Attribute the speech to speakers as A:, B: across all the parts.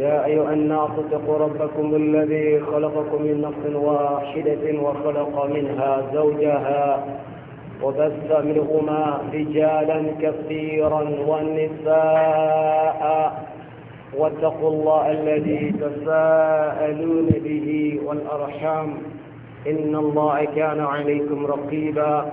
A: يا أيها الناس اتقوا ربكم الذي خلقكم من نفس واحدة وخلق منها زوجها وبث منهما رجالا كثيرا والنساء واتقوا الله الذي تساءلون به والأرحام إن الله كان عليكم رقيبا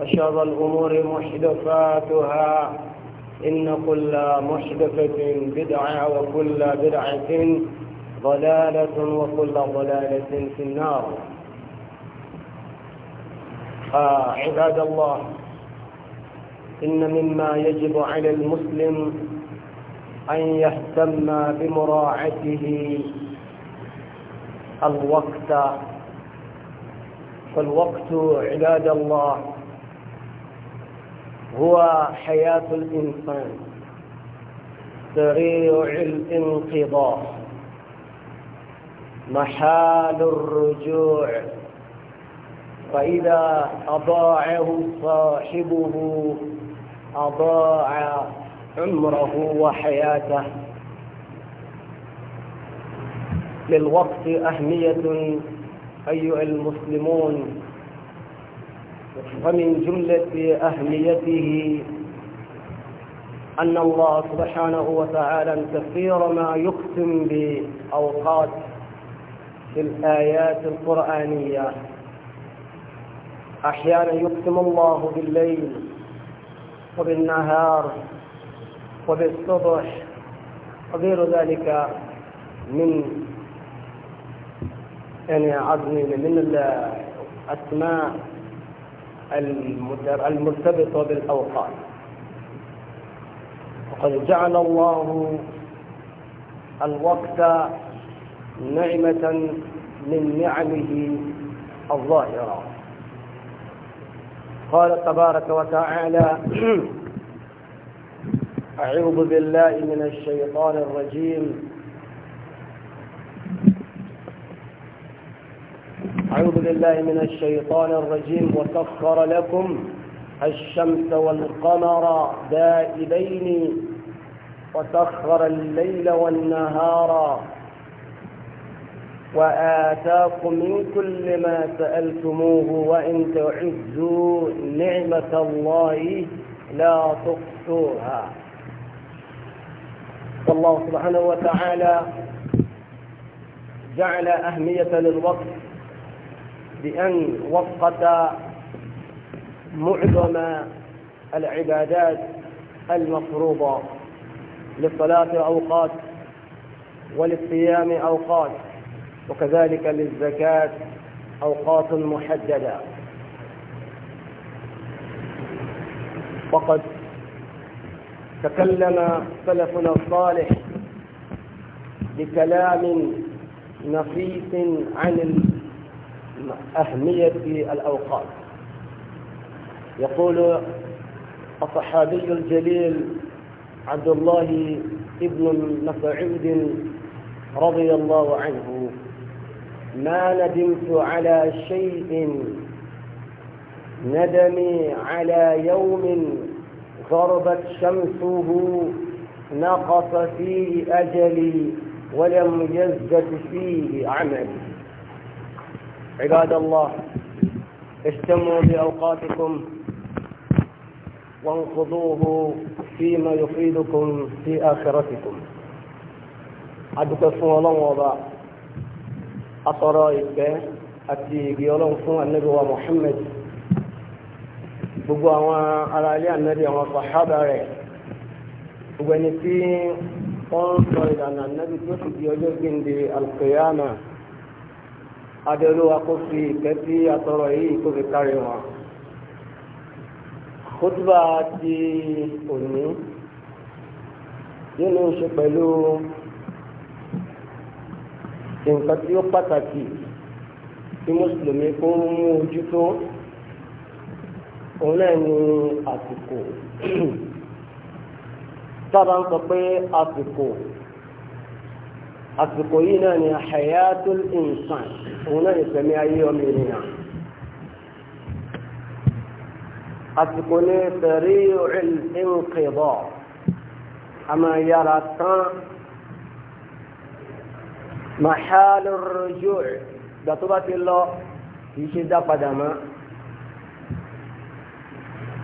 A: وشر الأمور محدثاتها إن كل محدثة بدعة وكل بدعة ضلالة وكل ضلالة في النار آه عباد الله إن مما يجب على المسلم أن يهتم بمراعته الوقت فالوقت عباد الله هو حياة الإنسان سريع الانقضاء محال الرجوع فإذا أضاعه صاحبه أضاع عمره وحياته للوقت أهمية أيها المسلمون ومن جملة أهميته أن الله سبحانه وتعالى كثير ما يقسم بأوقات في الآيات القرآنية أحيانا يقسم الله بالليل وبالنهار وبالصبح وغير ذلك من يعني عظم من الأسماء المرتبطة بالأوقات وقد جعل الله الوقت نعمة من نعمه الظاهرة قال تبارك وتعالى أعوذ بالله من الشيطان الرجيم بالله من الشيطان الرجيم وسخر لكم الشمس والقمر دائبين وسخر الليل والنهار وآتاكم من كل ما سألتموه وإن تعزوا نعمة الله لا تقصوها فالله سبحانه وتعالى جعل أهمية للوقت بأن وقت معظم العبادات المفروضة للصلاة أوقات وللصيام أوقات وكذلك للزكاة أوقات محددة وقد تكلم سلفنا الصالح بكلام نفيس عن أهمية الأوقات يقول الصحابي الجليل عبد الله ابن مسعود رضي الله عنه ما ندمت على شيء ندمي على يوم غربت شمسه نقص فيه أجلي ولم يزدد فيه عملي عباد الله اهتموا بأوقاتكم وانقضوه فيما يفيدكم في آخرتكم adúpẹ́ fún الله ọba atọ́rọ ìpẹ́ àti ìgbé ọlọ́run fún ànábì wa Muhammad gbogbo àwọn ará ilé ànábì àwọn sàhábà rẹ̀ gbogbo ẹni tí wọ́n ń sọ ìlànà ànábì tó ti di ọjọ́ gbìndé alqiyama abẹ́olúwa kó fi ìfẹ́ tí atọ́rọ̀ yìí kó fi kárí wọn. kótóbá ti òní yóò ní í ṣe pẹ̀lú nǹkan tí ó pàtàkì tí mùsùlùmí kó mú ojú tó òun náà ní àsìkò tábà ń sọ pé àsìkò àsìkò yìí náà ni hayatul insan òun náà ní sẹ́mi ayé ọmọ ènìyàn àsìkò ní sari'ul inqida àmà yàrá tán mahalur rujuu gbàtó bá ti lọ kìí ṣe dá mọ́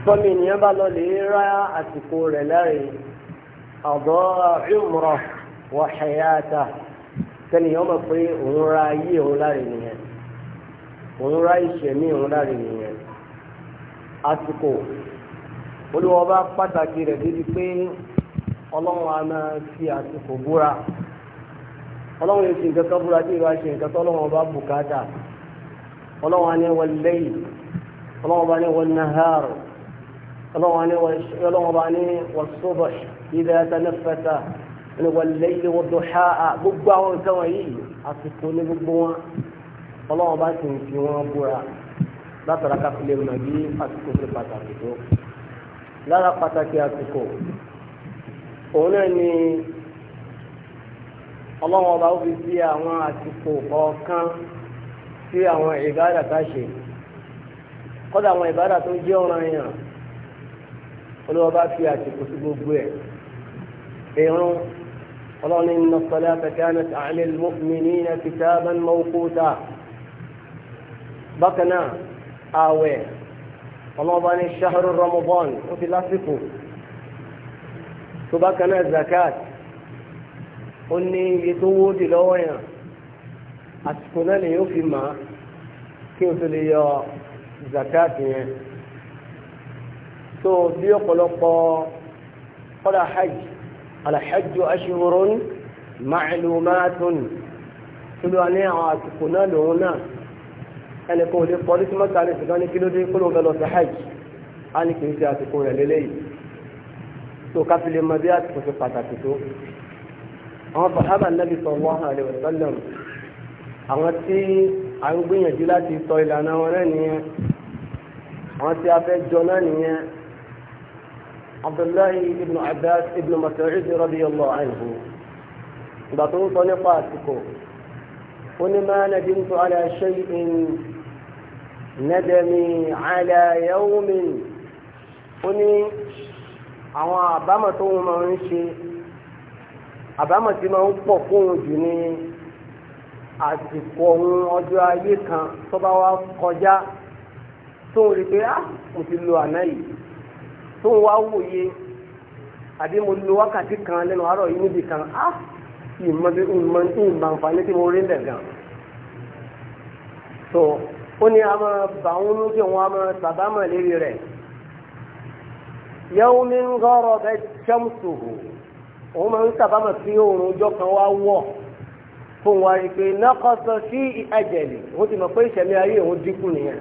A: tọ́mi ènìyàn bá lọ lè ra àsìkò rẹ̀ lẹ́rìn ọ̀dọ́ ìmùrọ̀ wà hayata tẹ́lẹ̀ yọ́n mọ̀ pé òun ra ayé òun láre nìyẹn òun ra ìṣẹ̀mí òun láre nìyẹn àsìkò olùwọ́ bá pàtàkì rẹ̀ débi pé ọlọ́run á máa fi àsìkò búra ọlọ́run yóò fi nǹkan kan búra tí ìwà ṣe nǹkan tó ọlọ́run ọba bùkátà ọlọ́run á ní wal ọlọ́run ọba ní wal nahar ọlọ́run ọba ní was-subh idha tanaffatha ẹni wà lẹ́yìn wọ́n tó ṣá à gbogbo àwọn nǹkan wọ̀nyí àsìkò ní gbogbo wọn ọlọ́wọ́n bá sì ń fi wọn búra látara káfílẹ̀ mọ̀ bí àsìkò ṣe pàtàkì tó lára pàtàkì àsìkò òun náà ni ọlọ́wọ́n bá fi sí àwọn àsìkò kọ̀ọ̀kan sí àwọn ìbáàdà ká ṣe kọ́dà àwọn ìbáàdà tó jẹ́ ọ̀ràn yẹn olówó bá fi àsìkò sí gbogbo ẹ̀ èrún ọlọ́run inna salata kanat ala al-mu'minina kitaban mawquta bákan náà ààwẹ̀ ọlọ́ba ní shahru ramadan ó ti lásìkò tó bákan náà zakat ó ní iye tó wó di lọ́wọ́ yẹn àsìkò náà lè yóò fi mà á kí o tó lè yọ zakat yẹn tó bí ọ̀pọ̀lọpọ̀ kọ́dà hajj. الحج أشهر معلومات kílò ní àwọn àsìkò náà lòun náà ẹni kò lè pọ̀ lítí mọ́ta ní ṣùgbọ́n ní kí ló dé kó ló ń lọ sí hajj á ní kì í ṣe àsìkò rẹ̀ lélẹ́yìí tó ká fi lè mọ bí àsìkò ṣe pàtàkì tó. àwọn sàhábà nàbì sallallahu alaihi wasallam àwọn tí a ń gbìyànjú láti sọ ìlànà wọn náà nìyẹn àwọn tí a fẹ́ jọ náà nìyẹn عبد الله بن عباس بن مسعود رضي الله عنه بطوط نقاتكو ولما ندمت على شيء ندمي على يوم وني àwọn àbámọ̀ tó wọn máa ń ṣe àbámọ̀ tí máa ń pọ̀ fún òun jù ní àsìkò ohun ọjọ́ ayé kan tó bá wá kọjá tóun rí pé ah mo ti lo àná yìí tó ń wá wòye àbí mo lo wákàtí kan lẹ́nu àárọ̀ yìí níbi kan á ah, ìmọ̀ bí ìmọ̀ ìmọ̀ǹfààní tí mo rí lẹ̀ gan. so ó ní a máa bà ń mú kí wọn a máa bàbá mọ̀ lérí rẹ̀ yẹ́wọ́n mi ń gọ́rọ̀ bẹ́ ṣẹ́mùsùhù òun máa ń sàbámọ̀ sí oòrùn ọjọ́ kan wá wọ̀ fún wa rí i pé nákọ́sọ sí ẹ̀jẹ̀lì òun ti mọ̀ pé ìṣẹ̀mí ayé òun dínkù nìyẹn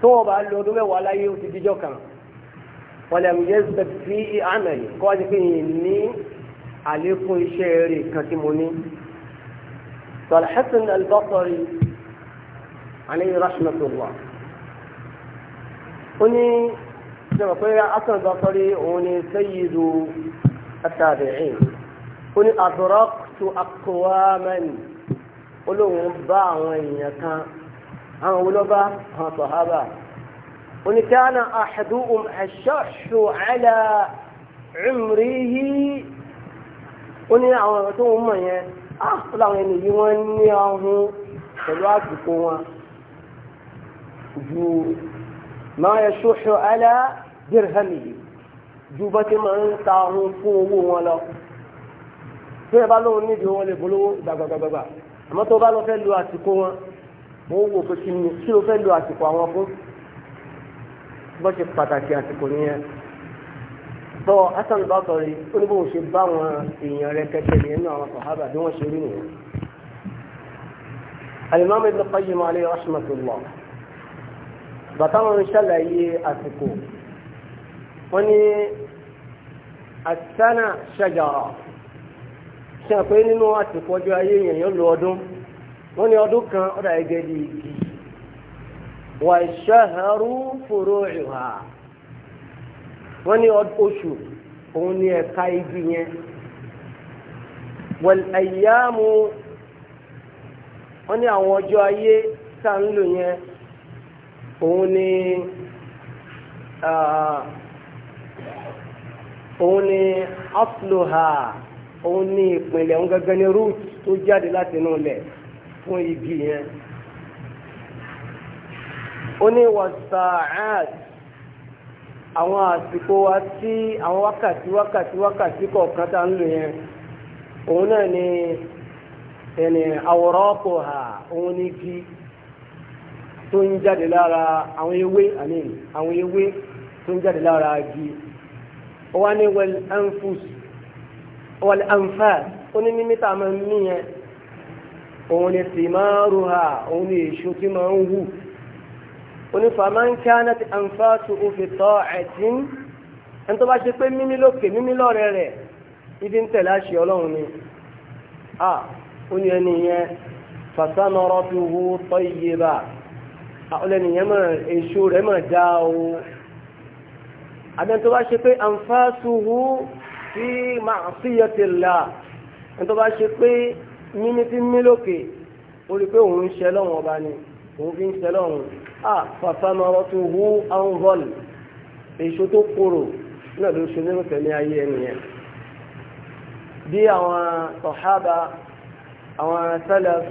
A: tó wọn bá lo ọdún mẹ́wàá láyé ó ti díjọ́ kan. wọ́n yẹ́sẹ̀ fi àmẹ́lì kọ́ ti fi yìn ní àlékún iṣẹ́ rẹ̀ kan tí mo ní. Al-Hasan al-Basri alayhi rahmatullah. ó ní sọ̀rọ̀ pé Hasan al òun ni sayyidu at ó ní adraktu aqwaman olóhùn bá àwọn èèyàn kan àwọn olóbá àwọn sàhábà. وإن كان أحدهم الشح على عمره ó ní àwọn ọ̀rọ̀ tó ń mọ̀ yẹn á ah, láwọn ẹni yìí wọ́n ní ọ̀hún pẹ̀lú àsìkò wọn ju máa yẹ ṣoṣo alá dirhami yìí ju bá ti máa ń ta ọ̀hún fún owó lóun nídìí wọn lè bolówó gbàgbàgbàgbà àmọ́ tó bá lọ fẹ́ lo àsìkò wọn wọ́n wò pé kí ló fẹ́ lo àsìkò àwọn fún bọ́ ṣe pàtàkì àsìkò nìyẹn tọ́ Hasan Basri ó ní bó ṣe bá wọn èèyàn rẹ kẹtẹ nìyẹn náà àwọn sàhábà bí wọ́n ṣe rí nìyẹn Al-Imam Ibn Qayyim alayhi rahmatullah bàtà wọn ṣàlàyé àsìkò wọ́n ní asana ṣàjàrà ṣe àpé nínú àsìkò ọjọ́ ayé èèyàn yóò lo ọdún wọ́n ní ọdún kan ọ̀dà ẹgẹ́ di igi Wa fòrò ìhà wọ́n ní oṣù òun ní ẹ̀ka ni yẹn wọ́n ẹ̀yàmú wọ́n ní àwọn ọjọ́ ayé tá ń lò yẹn òun ní òun ní afloha òun ó ní wàsáàd àwọn àsìkò wa tí àwọn wákàtí wákàtí wákàtí kọ̀ọ̀kan tá ń lò yẹn òun náà ni ẹni àwòrán ọkọ̀ ha òun ní igi tó ń jáde lára àwọn ewé àní àwọn ewé tó ń jáde lára igi ó wá ní wẹ́lì anfus wẹ́lì anfas ó ní mímítà ha òun ni èso tí máa oní faman kanat anfatuhu fi ta'atin ẹni tó bá ṣe pé mímí lókè mímí lọ́rẹ̀ rẹ̀ ibi ń tẹ̀lé àṣẹ ọlọ́run ni a ó ní ẹni yẹn fasamaratuhu tayyiba ọlẹ́ni yẹn mọ̀ èso rẹ̀ mọ̀ dá o àbẹ́ni tó bá ṣe pé anfatuhu fi ma'siyatillah ẹni tó bá ṣe pé mímí ti mí lókè ó rí pé òun ń ṣe ọba ni òun fi ń ṣe fàfàmọ́rọ́tòhù angol èso tó kúrò náà ló ṣe nínú tẹ̀lé ayé ẹnìyẹn bí àwọn sọ̀hábà àwọn sálẹ̀f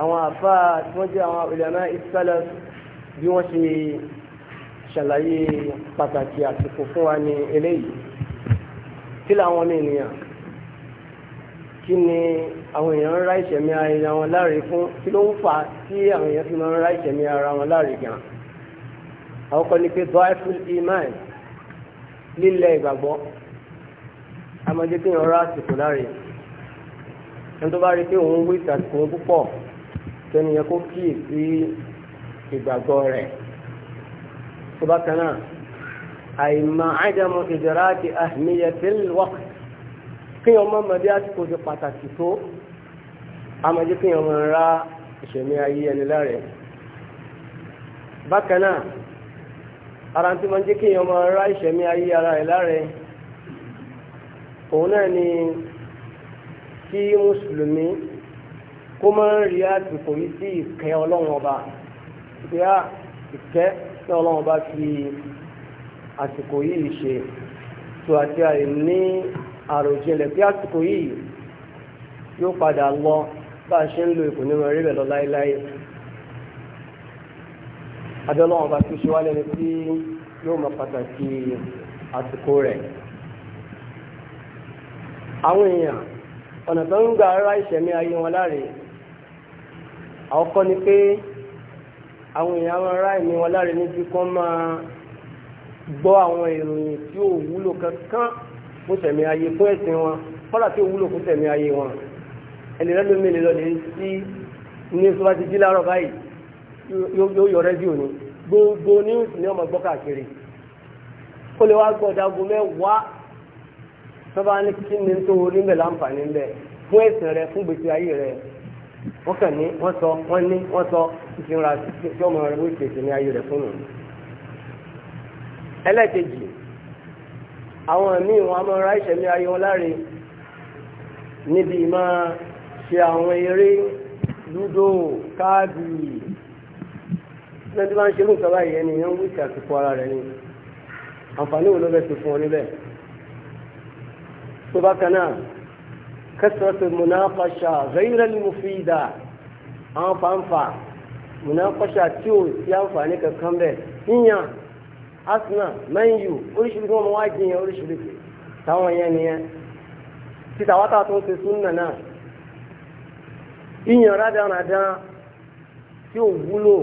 A: àwọn àfà tí wọ́n jẹ́ àwọn ìlànà ìsálẹ̀f bí wọ́n ṣe ṣàlàyé pàtàkì àsìkò fún wa ní eléyìí kí làwọn ní ènìyàn kí ni àwọn èèyàn ń ra ìṣẹ̀mí ara wọn láre fún kí ló ń fà á tí àwọn èèyàn fi máa ń ra ìṣẹ̀mí ara wọn láre gan àwọn kan ní pé bọ́ẹ̀fún imáì lílẹ̀ ìgbàgbọ́ amọ̀jẹ́ kí èèyàn ra àsìkò láre ẹni tó bá rí pé òun wí ìtàkùn púpọ̀ kẹ́niyẹn kó kíyè sí ìgbàgbọ́ rẹ̀ tó bá kan náà àìmọ̀ àjẹmọ́ ìdọ̀rá àti àmìyẹ tí wọ́pẹ́ kéèyàn mọ ọmọdé àsìkò ṣe pàtàkì tó amọ̀jé kéèyàn mọ ra ìṣẹ̀mí ayé ẹni lárẹ̀ bákan náà ara tí wọ́n jẹ́ kéèyàn mọ ra ìṣẹ̀mí ayé ara ẹ̀ lárẹ̀ òun náà ni kí mùsùlùmí kó máa ń rí àsìkò yìí sí ìkẹ́ ọlọ́run ọba ìgbéyà ah, ìkẹ́ tí ọlọ́run ọba fi àsìkò yìí ṣe tó àti àìní àròjinlẹ̀ pé àsìkò yìí yóò padà lọ bá a ṣe ń lo ìkò nínú eré bẹ̀ lọ láéláé abẹ́lọ́ wọn bá tó ṣe wá lẹ́nu tí yóò mọ pàtàkì àsìkò rẹ̀ àwọn èèyàn ọ̀nà tó ń gba ara ìṣẹ̀mí ayé wọn láre àkọ́kọ́ ni pé àwọn èèyàn àwọn ará ẹ̀mí wọn láre níbi kan máa gbọ́ àwọn ìròyìn tí ò wúlò kankan fún tẹ̀mí ayé fún ẹ̀sìn wọn kọ́lá tí ó wúlò fún tẹ̀mí ayé wọn ẹni rẹ lómi lè lọlẹ̀ sí ní sọ́ba ti jí láàárọ̀ báyìí yóò yọ rẹ́díò ni gbogbo news ni ọmọ gbọ́ káàkiri ó lè wá gbọ́ dago mẹ́wàá sọ́ba ní kí ni tó orí mẹ́ láǹfààní mẹ́ fún ẹ̀sìn rẹ fún gbèsè ayé rẹ wọ́n kàn ní wọ́n sọ wọ́n ní wọ́n sọ ìfinra tí ọmọ rẹ wọ́n ṣèṣe ní ayé rẹ fún mi ẹlẹ́ẹ̀kejì àwọn míì wọn a máa ra ìṣẹ̀mí ayé wọn láre níbi máa ṣe àwọn eré lúdò káàdì lẹ́tí bá ń ṣe lóòótọ́ báyìí ẹni yẹn ń wíṣẹ́ àsìkò ara rẹ̀ ni àǹfààní wo ló fẹ́ ṣe fún ọ níbẹ̀ tó bá kan náà kẹsàn-án munaqasha ghayra al-mufida àwọn fàǹfà munaqasha tí ò sí àǹfààní kankan bẹ́ẹ̀ yíyan asuna mẹ́yù oríṣiríṣi wọn wá jiyàn oríṣiríṣi táwọn yẹn nìyẹn títà wátà tó ṣe súnà náà ìyàn rádaràdá tí ò wúlò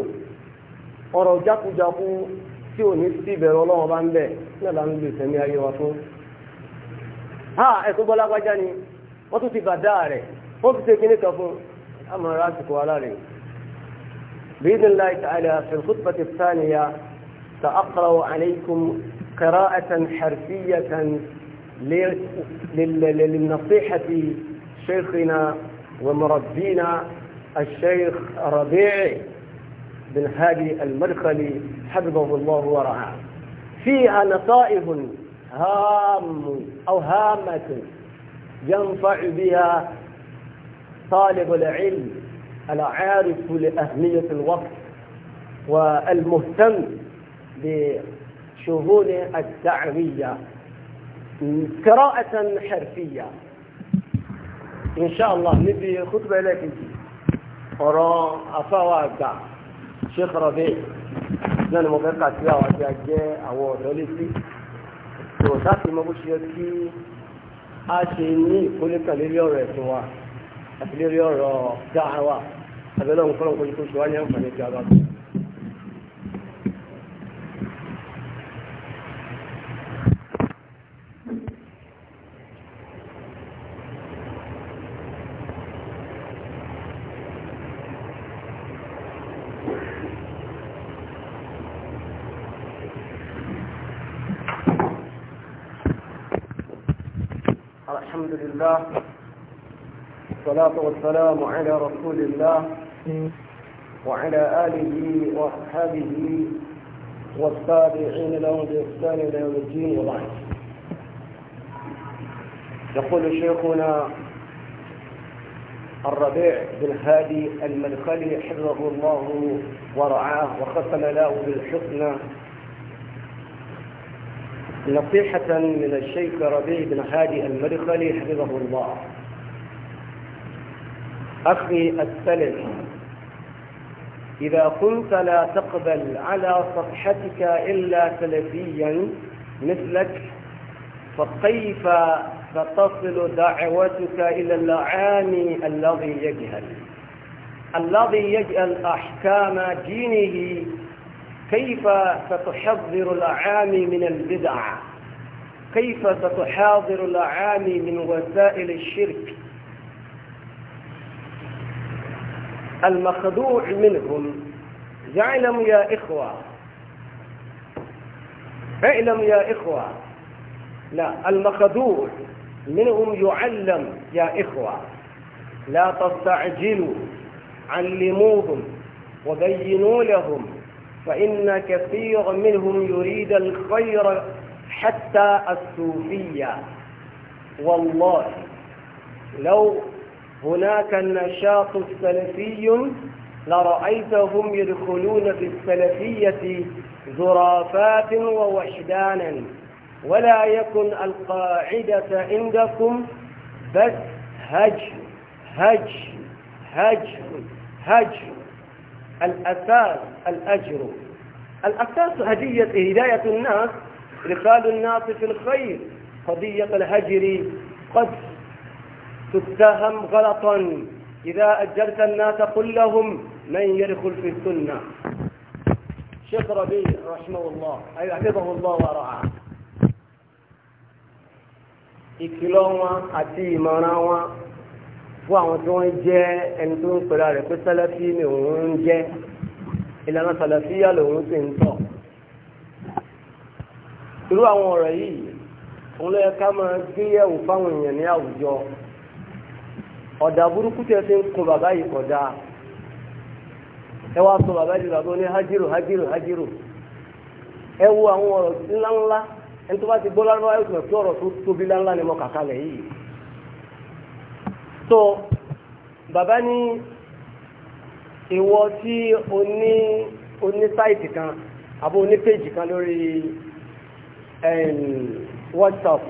A: ọ̀rọ̀ jákujáku tí ò ní sí ìbẹ̀rù ọlọ́wọ́ bá ń bẹ̀ ní àlá ń lè tẹ̀mí ayé wa fún. ha gbájá ni tún ti bàdá rẹ̀ wọ́n fi ṣe kíní kan fún àmọ́ àsìkò bí láì سأقرأ عليكم قراءة حرفية للنصيحة شيخنا ومربينا الشيخ ربيع بن هادي المدخلي حفظه الله ورعاه فيها نصائح هام أو هامة ينفع بها طالب العلم العارف لأهمية الوقت والمهتم بشهود التعرية قراءة حرفية إن شاء الله نبي خطبة لك أنت أرى أفاوى أبدع شيخ ربيع لأن مفقة تلاوة جاء أو روليسي وتاتي مبوشي يكي أشيني كل كاليريو رسوا أتليريو دعوة هذا مفرم كل كل شواني أنفعني في هذا الله والصلاة والسلام على رسول الله وعلى آله وأصحابه والتابعين لهم بإحسان إلى يوم الدين والعين يقول شيخنا الربيع بن هادي المدخلي حفظه الله ورعاه وختم له بالحسنى نصيحة من الشيخ ربيع بن هادي المرخلي حفظه الله أخي السلف إذا كنت لا تقبل على صفحتك إلا سلفيا مثلك فكيف ستصل دعوتك إلى اللعاني الذي يجهل الذي يجهل أحكام دينه كيف ستحذر الأعامي من البدع كيف ستحاضر الأعامي من وسائل الشرك المخدوع منهم يعلم يا إخوة اعلم يا إخوة لا المخدوع منهم يعلم يا إخوة لا تستعجلوا علموهم وبينوا لهم فإن كثير منهم يريد الخير حتى الصوفية والله لو هناك النشاط السلفي لرأيتهم يدخلون في السلفية زرافات ووحدانا ولا يكن القاعدة عندكم بس هجر هجر هجر هجر الأساس الأجر الأساس هدية هداية الناس رخال الناس في الخير قضية الهجر قد تتهم غلطا إذا أجرت الناس قل لهم من يدخل في السنة شيخ ربيع رحمه الله أي حفظه الله ورعاه إكلوما أتي àti fún àwọn tí wọ́n jẹ́ ẹni tó ń pera rẹ̀ pé sálẹ́fì ni òun ń jẹ́ ìlànà sálẹ́fìyà lòun sì ń tọ̀ irú àwọn ọ̀rọ̀ yìí òun ló yẹ ká máa gbé yẹ̀wò fáwọn èèyàn ní àwùjọ ọ̀dà burúkú tẹ̀ fi ń kun bàbá yìí kọ̀dá ẹ wá sọ bàbá yìí bàbá ní hájírò hájírò hájírò ẹ wo àwọn ọ̀rọ̀ ńláńlá ẹni tó bá ti gbọ́ lárúbáwá yóò tún ọ̀rọ̀ tó tóbi ńláńlá ni mo kà yìí so bàbá ní ìwọ tí o ní o ní sáìtì kan àbí o ní kan lórí whatsapp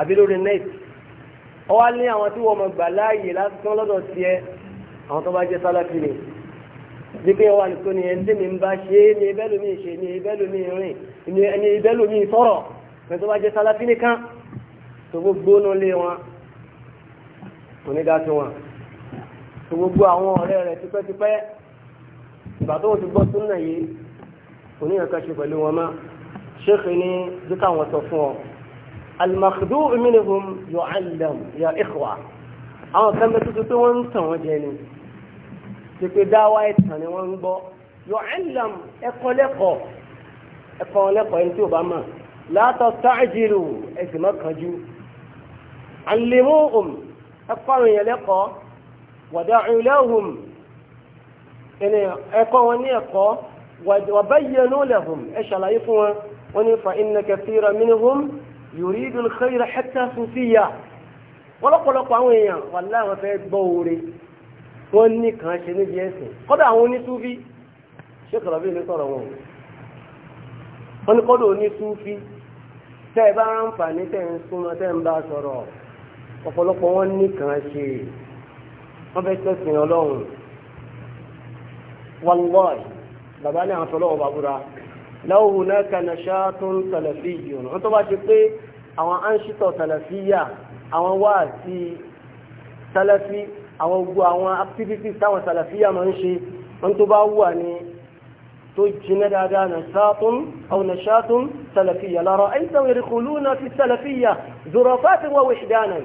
A: àbí lórí net ọ wá ní àwọn tí wọ́n mọ̀ gbà láàyè lásán lọ́dọ̀ tiẹ̀ àwọn tó bá jẹ́ sáláfì ni dípé wà ní kóni ẹni tí mi ń bá ṣe é ní ibẹ́ lómi ṣe ní ibẹ́ lómi rìn ní ibẹ́ lómi sọ̀rọ̀ ẹni tó bá jẹ́ sáláfì nìkan tó gbogbo nulẹ̀ wọn onídàtí wọn tó gbogbo àwọn ọ̀rẹ́ rẹ̀ tipẹ́tipẹ́ ìgbà tó ń ti gbọ́ súnà yìí oníyàn kan ṣe pẹ̀lú wọn mọ́ ṣéèkì ní dúkà wọn sọ fún ọ alimakidu minihum yọ alam yọ ikhwa àwọn kan bẹ tuntun pé wọ́n ń tàn wọ́n jẹ ni ti dáwà ìtàn ni wọ́n ń gbọ́ yọ alam ẹ̀kọ́ lẹ́kọ̀ọ́ ẹ̀kọ́ lẹ́kọ̀ọ́ ẹni tí ò bá mọ̀ látọ̀ táàjìlù ẹ̀sìn mọ́ alimuhum ẹ̀kọ́ àwọn èèyàn lẹ́kọ̀ọ́ wada'u lahum ẹni ẹ̀kọ́ wọn ní ẹ̀kọ́ wa bayyinu lahum ẹ ṣàlàyé fún wọn wọn ní fa inna kathira minhum yuridu al-khayra hatta sufiya wọn lọ́pọ̀lọpọ̀ àwọn èèyàn wallahi wọn fẹ́ gbọ́ oore wọn ní kàn ṣe níbi ẹ̀sìn kọ́dà àwọn onítúfi ṣé kọ̀rọ̀ bí ilé wọn wọn ní kọ́dà onítúfi tẹ́ ẹ bá ń fà ní tẹ́ ń súnmọ́ tẹ́ ń bá sọ̀rọ̀ ọ̀pọ̀lọpọ̀ wọn nìkan ṣe wọ́n fẹ́ tẹ̀sìn ọlọ́run wallahi bàbá ní àwọn tọ́lọ́wọ́ bàbúrà law hunaka nashatun salafiyyun wọ́n tó bá ti pé àwọn anṣítọ̀ salafiyya àwọn wáàsí salafi àwọn gbogbo àwọn activities táwọn salafiyya máa ń ṣe wọ́n tó bá wà ní tó jiná dáadáa nashatun aw nashatun salafiyya la ra'aytahum yadkhuluna fi salafiyya zurafatan wa wihdanan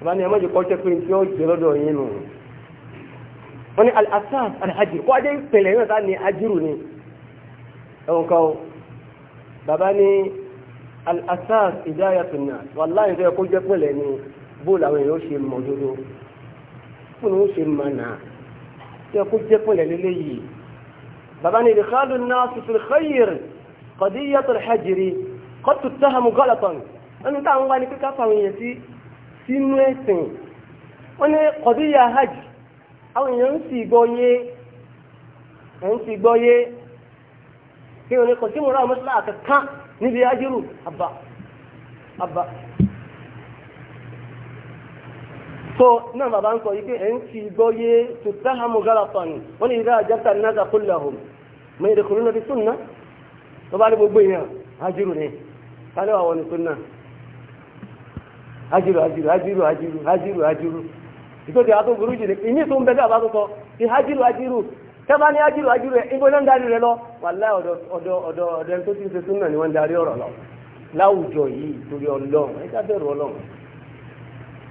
A: bàbá ni ẹ mọ̀jẹ̀ kọ́ jẹ́ pé tí ó jẹ́ lọ́dọ̀ yín nù wọ́n ní al-asas al-hajir kó adé ìpìlẹ̀ yóò sáà ní ajiru ni ẹ̀wọ̀n kan o bàbá ní al-asas hidayatun nas wallahi tó yẹ kó jẹ́ pìlẹ̀ ni bóòlù àwọn èèyàn ó ṣe mọ̀ dodo fún un ó ṣe mọ̀ náà tó yẹ kó jẹ́ pìlẹ̀ lélẹ́yìí bàbá ní idkhalu an-nas fil khayr qadiyyat al-hajri qad tuttahamu ghalatan ẹni táwọn wá ní pé ká fàwọn èèyàn sí sínú ẹ̀sìn wọ́n ní kọ̀díyà hajj àwọn èèyàn ń sì gbọ́ yé ń sì gbọ́ yé kí wọ́n kò sí mọ̀ràn mọ́sálà àkàkán níbi ajírù àbá àbá. so náà bàbá ń sọ yìí pé ẹ̀ ń sì gbọ́ yé tutahamu galatan wọ́n ní ìdá àjẹsà náà kó lahùn mọ èdè kòrónà ti sunna bá gbogbo ajírù ni hajiru hajiru hajiru hajiru hajiru hajiru ìtòtí àtò burú jù ní ìní tó ń bẹ dábàá tó sọ ti hajiru hajiru tẹ́fà ní hajiru hajiru rẹ̀ ibo náà ń darí rẹ lọ wàlá ọ̀dọ̀ ọ̀dọ̀ ọ̀dọ̀ ọ̀dọ̀ ẹni tó ti ń ṣe súnmọ̀ ni wọ́n ń darí ọ̀rọ̀ lọ láwùjọ yìí torí ọlọ́run ẹ ká bẹ̀rù ọlọ́run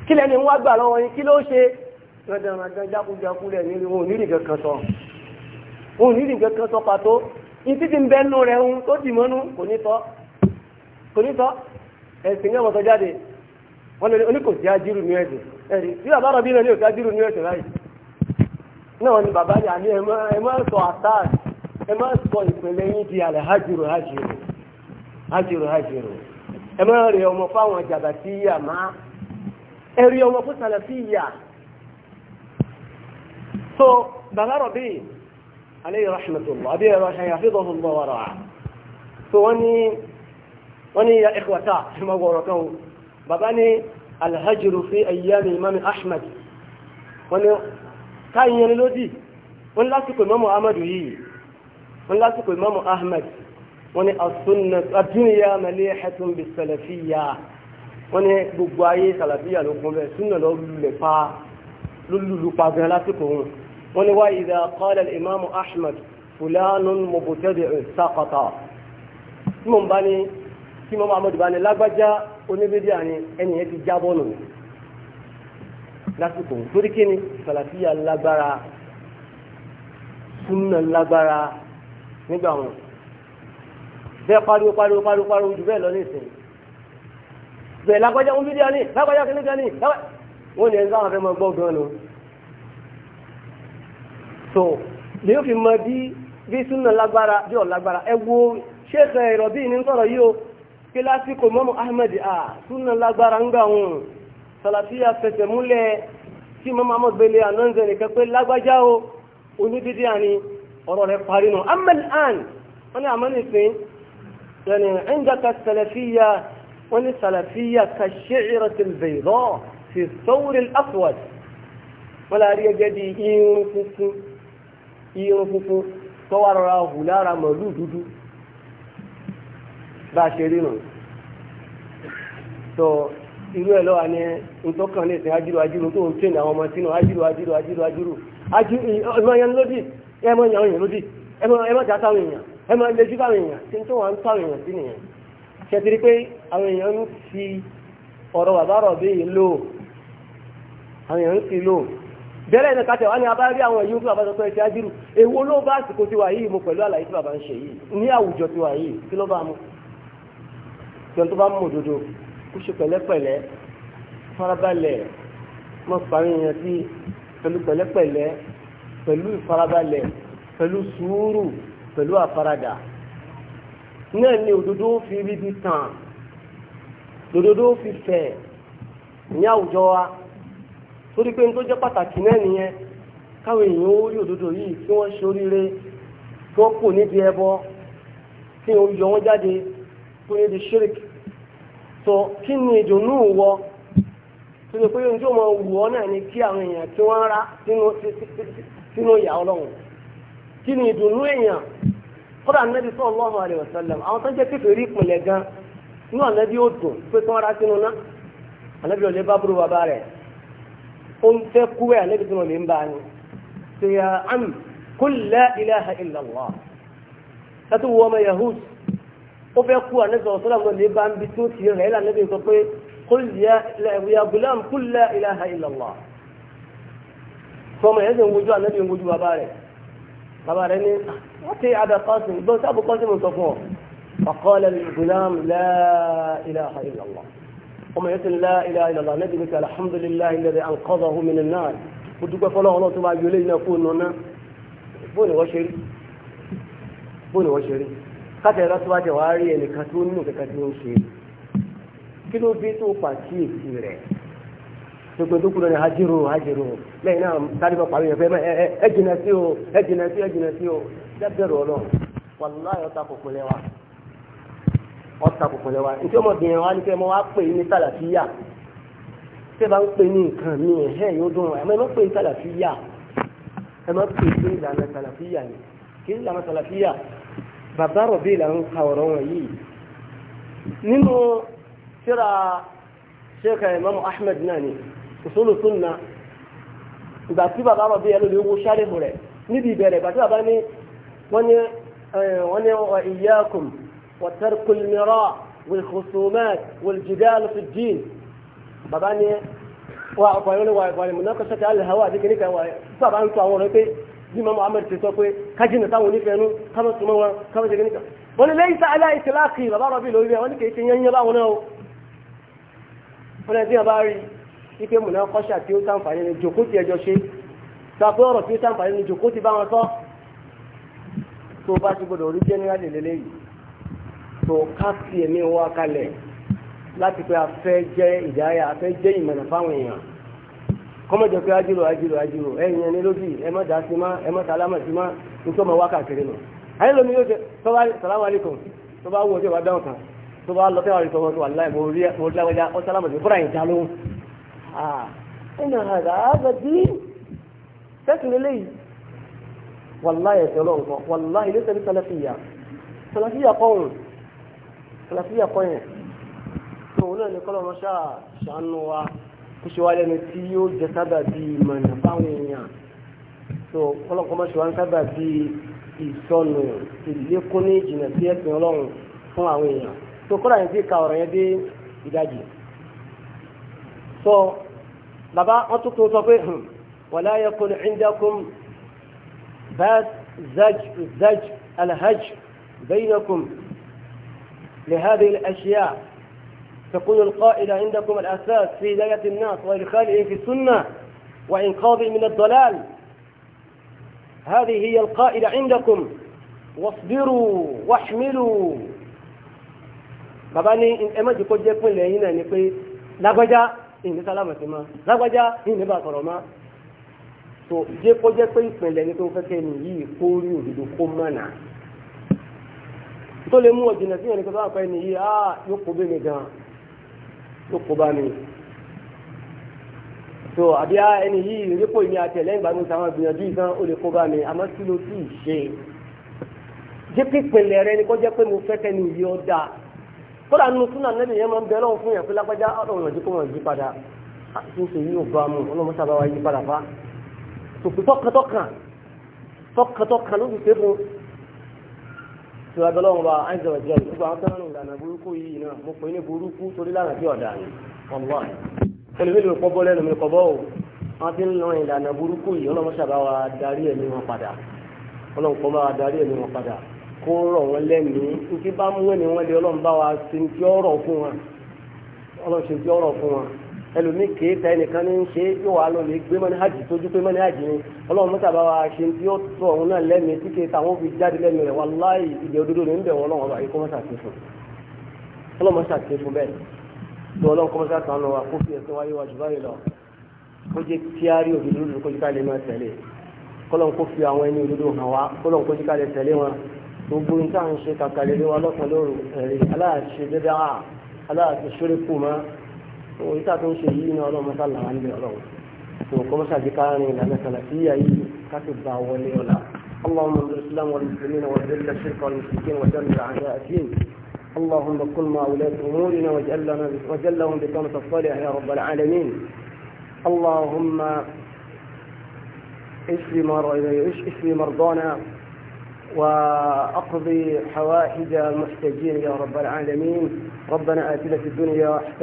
A: kí lẹ́ni ń wá gbà lọ́wọ́ yín kí ló ṣe dandan jákujáku rẹ̀ ní wọn ò ní nǹkan kan sọ wọn ò ní nǹkan kan sọ pàtó ìtí ti ń bẹ́ nù rẹ̀ ń tó dì mọ́nú kò ní sọ kò ní sọ ẹ̀sìn náà mọ̀ sọ jáde wọ́n lè ní kò sí ajírù ní ẹ̀sìn ẹ̀rí tí bàbá rọ̀bí náà ní òkè ajírù ní ẹ̀sìn láyìí náà ni bàbá ní àní ẹ máa sọ àtàd ẹ máa sọ ìpínlẹ̀ yín di àlẹ́ hajiru hajiru hajiru hajiru ẹ máa rí ọmọ fáwọn jàbàtìyà máa ẹ rí ọmọ fún sàlàfíyà so bàbá rọ̀bí aleyhi rahmatulah abiy rahmatulah yafidahu allah wa ra'a so wọ́n ní wọ́n ní ya ikhwata ẹ máa wọ̀rọ̀ kan o bàbá ní alhajiru fi ayyami imami ahmed wọ́n ní káyẹn lódì wọ́n lásìkò imamu ahmed yìí wọ́n lásìkò imamu ahmed wọ́n ní asúnà adúnyà malihatun bi salafiya wọ́n ní gbogbo ayé salafiya ló kún bẹ́ẹ̀ súnà ló lulẹ̀ pa lululu pa gan lásìkò wọn wọ́n ní idha qala imamu ahmed fulanu mubtadi' saqata tí mo bá ní tí mo oníbídíà ni ẹni yẹn ti jábọ́ nù lásìkò torí kí ni sàlàfíà lágbára súnà lágbára nígbà wọn bẹ́ẹ̀ pariwo pariwo pariwo pariwo jù bẹ́ẹ̀ lọ ní ìsìn bẹ́ẹ̀ lágbájá ń bídíà ni lágbájá kìnnìkan ni wọ́n ní ẹni afẹ́ máa gbọ́ gan nù so ni yóò fi bí bí súnà lágbára bí ọ̀ lágbára ẹ wo ṣé ẹ̀sẹ̀ ìrọ̀bí ni ń sọ̀rọ̀ yìí o pé lásìkò mọ́mọ́ ahmed a súnà lágbára ń gbà wọn sàlàfíà fẹsẹ̀ múlẹ̀ tí mọ́mọ́ ahmed gbélé anọ́ǹzẹ̀ nìkan pé lágbájá o onídídí àní ọ̀rọ̀ rẹ̀ parí nù ahmed an wọ́n ní àmọ́ nìsín yẹnì ẹ̀ńdàkà sàlàfíà wọ́n ní sàlàfíà ka shi'ratil bayda fi thawril aswad wọ́n lárí ẹgẹ́ di irun funfun irun funfun tọ́wọ́ bá a ṣe rí nù tó irú ẹ̀ lọ́wọ́ ni ntọ́kàn lè sìn ajírò ajírò tó ń àwọn ọmọ sínú ajírò ajírò ajírò ajírò tí a táwọn èèyàn ẹ̀mọ lójú ọ̀rọ̀ bí lò àwọn èèyàn lò rí àwọn bàbá pẹ̀lú tó bá mú òdodo kó ṣe pẹ̀lẹ́pẹ̀lẹ́ farabalẹ̀ mọ́ parí yẹn sí pẹ̀lú pẹ̀lẹ́pẹ̀lẹ́ pẹ̀lú ìfarabalẹ̀ pẹ̀lú sùúrù pẹ̀lú àfaradà náà ni òdodo fi ríbi tàn òdodo fi fẹ̀ ní àwùjọ wa torí pé n tó jẹ́ pàtàkì náà nìyẹn káwọn èèyàn ó rí òdodo yìí kí wọ́n ṣoríire kí wọ́n kò níbi ẹbọ kí wọ́n yọ wọ́n jáde kó níbi ṣíríkì so kí ni ìdùnnú wọ tó ṣe pé ohun tí ó wù ọ náà ni kí àwọn èèyàn tí wọ́n rá sínú ìyá ọlọ́run kí ni ìdùnnú èèyàn kódà nẹ́bí sallallahu alaihi wasallam àwọn tó jẹ́ kékeré ìpìlẹ̀ gan inú ànábì ó dùn pé tí wọ́n rá sínú náà ànábì ò lè bá burú bàbá rẹ̀ ó ń fẹ́ kú ẹ̀ ànábì tí wọ́n lè ń bá ni ṣe ya am kul la ilaha illallah tẹ́tù wọ́n mọ yahoo ó fẹ́ kú ànẹ́sọ̀ ọ̀sọ́lá mọ̀ lè bá ń bi tó ti rẹ̀ ẹ́ lànà sọ pé ya gulam qul la ilaha illallah sọmọ yẹn sì ń wojú ànẹ́bí ń wojú bàbá rẹ̀ bàbá rẹ̀ ní ah, wọ́n ti àdà kọ́sìn gbọ́n sábà kọ́sìn mi sọ fún ọ faqala gulam la ilaha illallah ọmọ yẹn sì ní la ilaha illallah ànẹ́bí ní alhamdulillahi alladhi anqadhahu minan nar ó dúpẹ́ fọlọ́wọ́n náà tó máa yọlé iná fóònù náà fóònù wọ́n ṣe rí fóònù wọ́n ṣe rí kájẹ̀rọ tó wájẹ̀ wá rí ẹnìkan tó nù kẹ́kẹ́ tí ó ń ṣe kí ló dé tó pàkíyèsí rẹ̀ gbogbo tó kúrò ní hajiro hajiro lẹ́yìn náà sáré máa pàrọ̀ yẹn fẹ́ ẹ jìnà sí o ẹ jìnà sí ẹ jìnà sí o dábẹ̀rù ọlọ́run wàláyé ọ̀tá kòkò lẹ́wà ọ̀tá kòkò lẹ́wà ní tí ọmọbìnrin wa ní kẹ́ ẹ mọ́ wá pè ní sàlàfíà tẹ́ bá ń pè ní nǹkan mi ẹ̀ yóò dùn ẹ̀ mọ́ pè ní sàlàfíà ẹ̀ mọ́ pè ní ìlànà sàlàfíà ni kì í ìlànà sàlàfíà bàbá rọ̀bí là ń ka ọ̀rọ̀ wọn yìí nínú síra ṣéka imam ahmed náà ni usulu sunna ìgbà tí bàbá rọ̀bí yẹn lórí owó ṣáréhù rẹ̀ níbi ìbẹ̀rẹ̀ bàtí bàbá ní wọ́n ní wọ́n ní wa iyyakum wa tarkul mira' wal khusumat wal jidal fi ddin bàbá ní wa ọkọ̀ ìrọ̀lẹ́ wa ìmúnákọ́ṣẹ́ bí mọ́mọ́ ahmed ti sọ pé kájínà táwọn onífẹ̀ẹ́nu káwọn súnmọ́ wọn káwọn ṣẹ̀gẹ́ nìkan wọ́n ní lẹ́yìn tá aláì ti láàkì bàbá rọ̀bì lórí rẹ̀ wọ́n ní kì í ṣe yẹn yẹn báwọn náà wọ́n ní ẹ̀sìn àbárí wípé mùnà kọ́ṣà tí ó sàǹfààní ni jòkó ti ẹjọ́ ṣe sọ pé ọ̀rọ̀ tí ó sàǹfààní ni jòkó ti bá wọn sọ tó bá ti gbọdọ̀ orí jẹ́nẹ́rálì lélẹ́yìí tó ká kọ́mọ̀jọ pé ajírò ajírò ajírò ẹ̀yìn ẹni lójú ẹ má dá sí má ẹ má sálámà sí má nítorí ọmọ wákàkiri nù. ayé lomi yóò ṣe tọ́ba sàlámù alaykum tọ́ba wọ ọjọ́ ìbàdàn kan tọ́ba lọ tẹ́wà rí tọ́wọ́ tó wà láì mo rí lágbájá ọ sálámà sí fúnra ìjà lóhùn. ẹnà àgbà àgbàdì sẹ́kìn lélẹ́yìí wàláyé ẹ̀sẹ̀ ọlọ́nkọ wàláyé ilé sẹ́ni sàlàfíà sàlàfíà kọ́hùn kó ṣe wá lẹ́nu tí yóò jẹ sábà bí ìmọ̀nà fáwọn èèyàn so ọlọ́kọ́ máa ṣe wá ń sábà bí ìsọnù ìlékún ní ìjìnà sí ẹ̀sìn ọlọ́run fún àwọn èèyàn so kọ́ra yẹn ti ka ọ̀rọ̀ yẹn dé ìdajì so bàbá wọn tún tún sọ pé hmm, wala yakun indakum bad zaj zaj alhaj bainakum lihadi al-ashiya. تكون القائلة عندكم الأساس في هداية الناس وإدخالهم في السنة وإنقاذهم من الضلال هذه هي القائلة عندكم واصبروا واحملوا بابا ني اما جيكو جيكو لي هنا ني يعني كوي لا غجا ني سلام سيما لا غجا ني با كروما تو جيكو جيكو يسمي لي تو فكي ني يي كوري ودو كومانا تو لي مو جينا سيما ني كوي ني اه يوكو بيني جان tó so àbí ẹni yìí rípò ìní àti ẹlẹ́yìn ìgbà mi sàwọn ìgbìyànjú ìtàn ó lè kó bá mi àmọ́ kí ló sì ṣe jẹ́ pé ìpìlẹ̀ rẹ ni kó jẹ́ pé mo fẹ́ kẹ́ni ìyí ọ́ dáa kódà nínú súnà nẹ́bí yẹn máa ń bẹ lọ́wọ́ fún yàn pé lápẹ́já ọ̀rọ̀ ìjì kó wọ́n yí padà tó ṣe yí ò mu ọlọ́mọ sábà wá yí padà bá tòkì tọkàntọkàn tọkàntọkàn ló fi ṣe fún tí wàá dọ́lọ́wọ́n bá àìsàn ọ̀jẹ́ rẹ̀ gbogbo àwọn sọ́nà ìlànà burúkú yìí náà mo pè é ní burúkú torí lánàá tí ọ̀dà ni ọ̀nbọ̀n olùmílò kọ́bọ́ lẹ́nu mi kọ́bọ́ o wọ́n ti ń lọ ìlànà burúkú yìí ọlọ́mọ sábà wa darí ẹ̀mí wọn padà ọlọ́mọ kọ́ bá wa darí ẹ̀mí wọn padà kó rọ̀ wọn lẹ́mìí nkí mú ẹ̀mí wọn lé ọlọ́mọ bá wa ṣe ń fi ọ̀rọ̀ fún wọn ọlọ́mọ ṣe ń fi ọ̀rọ̀ fún wọn ẹlòmíì kéé ta ẹnìkan ní ṣe yóò wá lọ lè gbé mọ́ni hajj tójú pé mọ́ni hajj ni ọlọ́run mọ́ta bá wa ṣe tí ó tọ òun náà lẹ́mìí tí kéé ta wọ́n fi jáde lẹ́mìí rẹ̀ wàláì ìjẹ́ òdodo ní bẹ̀ wọ́n lọ́wọ́ ayé kọ́mọ́sà ti fún ọlọ́mọ́sà ti fún bẹ́ẹ̀ tó ọlọ́run kọ́mọ́sà kan lọ wa kó fi ẹ̀sìn wáyé wájú báyìí lọ kó jẹ́ kíárì òdodo lórí kó jíkà lè máa tẹ̀lé kọ́lọ́n kó fi àwọn ẹni òdodo hàn wá kọ́lọ́n òun ìta tó ń ṣe yìí ní ọlọ́run mọ́tà làwọn ń bẹ ọlọ́run tó kọ́ mọ́tà jẹ́ káàrin ìlànà sàlàfíà yìí ká sì bá wọlé ọ̀la اللهم انصر الاسلام والمسلمين واذل الشرك والمشركين ودمر اعداء الدين اللهم كن مع ولاة امورنا واجعل لنا واجعل لهم الصالح يا رب العالمين اللهم اشفي مرضانا وأقضي حوائج المحتاجين يا رب العالمين ربنا آتنا في الدنيا